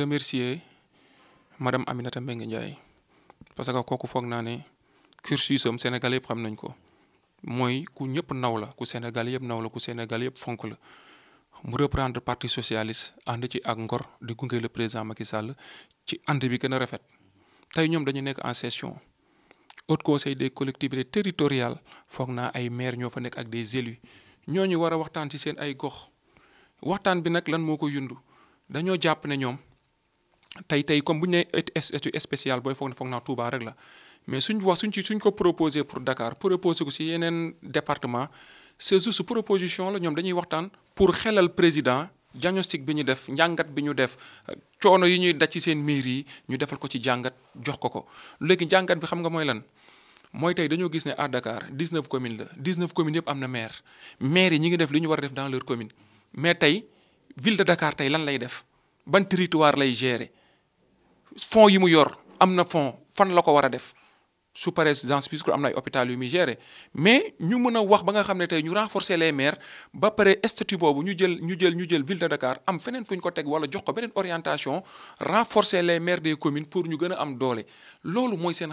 remercier madame Aminata Mbengue Ndiaye parce que kooku foog naa ne cursus am Sénégal yëpp xam nañ ko mooy ku ñëpp naw la ku Sénégal yëpp naw la ku Sénégal yëpp fonk la mu reprendre partie socialiste ànd ci ak ngor di gunge le président Macky Sall ci ànd bi gën a rafet tey ñoom dañu nekk en session haut conseil des collectivités territorial foog naa ay maire ñoo fa nekk ak des élus ñooñu war a waxtaan ci seen ay gox waxtaan bi nag lan moo ko yundu dañoo tay tay comme buñ né étude spéciale booy foog na Touba rek la mais suñ wax suñ ci suñ ko proposer pour Dakar proposé ko si yenen département c'est juste proposition la ñom dañuy waxtaan pour xelal président diagnostic bi ñu def njàngat bi ñu def coono yi ñuy daj ci seen mairie yi ñu defal ko ci jàngat jox ko ko léegi jàngat bi xam nga mooy lan mooy tey dañoo gis ne à Dakar 19 communes la 19 communes yëpp am na maire maire yi ñi ngi def li ñu war a def dans leur commune mais tey ville de Dakar tey lan lay def ban territoire lay gérer fonds yi mu yor am na fan la ko war a def su am na hôpital géré. mais ñu mën wax ba nga xam ne renforcer les maires ba statut ñu jël ñu ville de Dakar am feneen orientation renforcer les maires des communes pour ñu gën am doole loolu mooy seen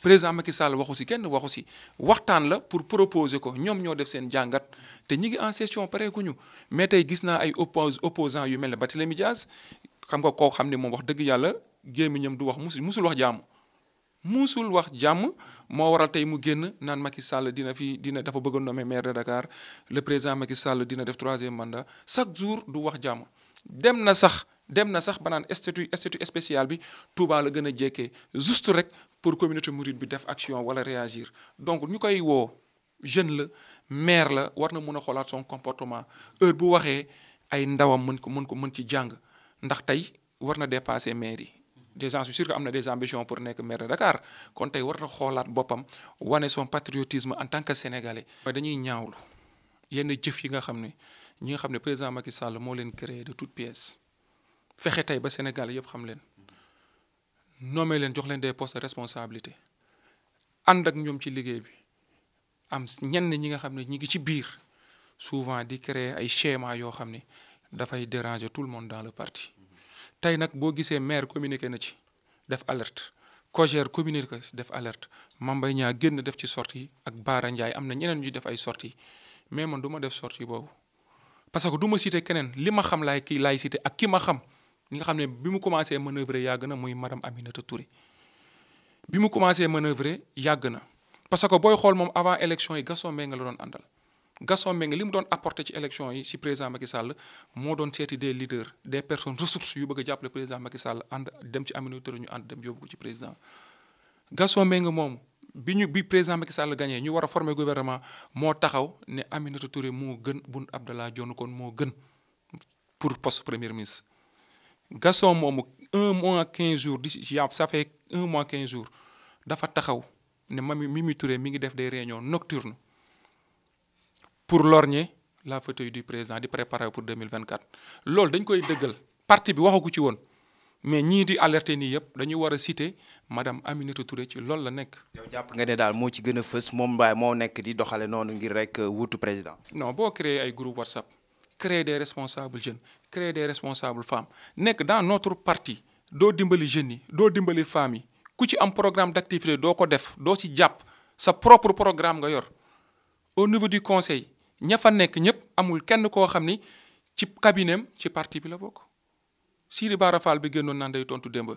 président Macky Sall waxu si kenn waxu si waxtaan la pour proposer ko ñom ñoo def seen jangat te ñi ngi en session pareeguñu mais tey gis na ay oppos opposants yu mel ne Barthélémy Dias xam nga koo xam ne moom wax dëgg yàlla gémmiñam du wax musul musul wax jàmm musul wax jàmm mo waral tay mu genn nan Macky Sall dina fi dina dafa bëgg a nommer maire de Dakar le président Macky Sall dina def 3e mandat chaque jour du wax jàmm dem na sax. dem na sax banaan naan statut statut spécial bi Touba la gën a jekkee juste rek pour communauté mouride bi def action wala réagir donc ñu koy woo jeune la maire la war na mën a xoolaat son comportement heure bu waxee ay ndawam mën ko mën ko mën ci jàng ndax tey war na dépasser maire yi. déjà je suis am na des ambitions pour nekk maire de Dakar kon tey war na xoolaat boppam wane son patriotisme en tant que sénégalais. dañuy ñaawlu yenn jëf yi nga xam ne ñi nga xam ne président Macky Sall moo leen créé de toutes pièces. fexe tey ba Sénégal xam nommé jox des postes de responsabilité ak ci bi am ñenn ñi nga souvent di créer ay schéma yoo déranger tout le monde dans le parti tey nag boo gisee maire communiqué na ci def alerte communiqué def alerte def ci sortie ak ñu def ay sortie mais man parce que cité ñi nga xam ne bi mu commencé manœuvrer yàgg na muy madame Aminata Touré bi mu commencé manœuvrer yàgg na parce que booy xool moom avant élection yi Gaston Mbengue la doon àndal Gaston Mbengue li mu doon apporter ci élection yi ci président Macky Sall moo doon seeti des leaders des personnes ressources yu bëgg a jàppale président Macky Sall ànd dem ci Aminata Touré ñu ànd dem yóbbu ko ci président Gaston Mbengue moom bi ñu bi président Macky Sall gagné ñu war a former gouvernement moo taxaw ne Aminata Touré moo gën Boun Abdallah Dionne kon moo gën pour poste premier Gaston moomu un mois quinze jours di ci ça fait un mois quinze jours dafa taxaw ne Mami Mimi Touré mi ngi def des réunions nocturnes pour lorgner la fauteuil du président di préparer pour 2024 loolu dañ koy dëggal parti bi waxagu ci woon mais ñii di alerter nii yëpp dañu war a citer madame Aminata Touré ci loolu la nekk. yow jàpp nga ne daal moo ci gën a fës moom waaye moo nekk di doxale noonu ngir rek euh, wuutu président. non boo créé ay groupe WhatsApp créer des responsables jeunes créer des responsables femmes Nek dans notre parti do dimbali jeunes do dimbali femmes ku ci am programme d'activité do ko def do ci japp sa propre programme nga yor au niveau du conseil ña fa nekk ñëpp amul kenn ko xamni ci cabinet ci parti bi la bok. Siri Bara bi génnoon naan day tontu démb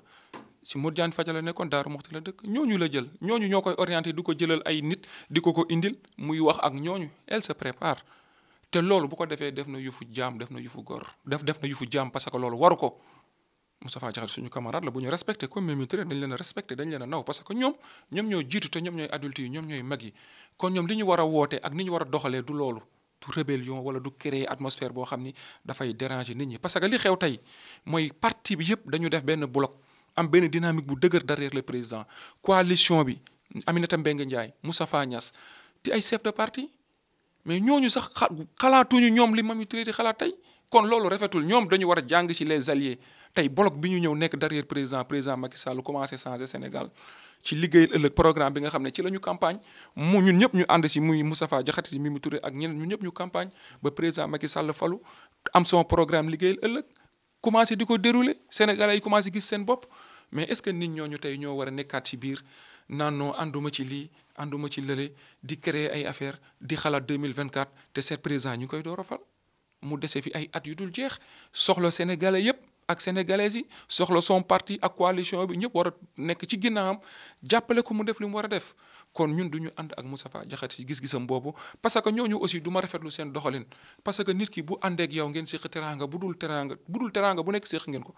si Modou Diagne Fada la nekkoon Daaru Muxti la dëkk ñooñu la jël Ñoñu ñoo koy du ko jëlal ay nit diko ko indil muy wax ak ñoñu. elle se prépare te loolu bu ko defee def na yufu jaam def na yufu gor def def na yufu jaam parce que loolu waru ko Moustapha Diakhaté suñu camarade la bu ñu respecté comme Mimi Touré dañ leen a respecté leen a naw parce que ñoom ñoom ñooy jiitu te ñoom ñooy adulte yi ñoom ñooy li ñu war woote ak ni ñu war a doxalee du loolu du rébellion wala du créer atmosphère boo xam ni dafay déranger nit ñi parce que li xew tey mooy parti bi yëpp dañu def benn bloc am benn dynamique bu dëgër derrière le président coalition bi Aminata Mbengue Ndiaye Moustapha Niasse di ay chef parti mais ñooñu sax xalaatuñu ñoom li Mami di xalaat kon loolu dañu war ci les alliés tey bloc bi ñu ñëw derrière président président Macky Sall commencé changer Sénégal ci liggéeyal programme bi nga xam ci la campagne mu ñun ñëpp ñu ànd si ak ñun ñëpp ñu campagne ba président Macky Sall falu am son programme liggéeyal ëllëg commencé di Sénégalais commencé mais est-ce que nous ñooñu tey ñoo war naan non ànduma ci lii ànduma ci lële di créer ay affaire di xalaat deux mille vingt 2024 te seet président ñu koy door a mu dese fi ay at yu dul jeex soxla sénégalais yépp ak sénégalaises yi soxla son parti ak coalition bi ñëpp war a nekk ci ginnaawam jàppale ko mu def li mu war a def kon ñun du ñu ànd ak Moustapha Diakhaté ci gis-gisam boobu parce que ñooñu aussi du ma rafetlu seen doxalin parce que nit ki bu àndeek yow ngeen séq teraanga bu dul teraanga bu dul bu nekk séq ngeen ko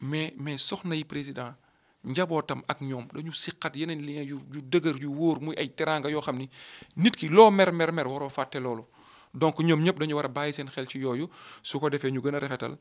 mais mais soxna yi président njabootam ak ñoom dañu siqat yeneen lien yu yu dëgër yu wóor muy ay teraanga yoo xam ni nit ki loo mer mer mer waroo fàtte loolu donc ñoom ñëpp dañu war a bàyyi seen xel ci yooyu su ko defee ñu gën a rafetal.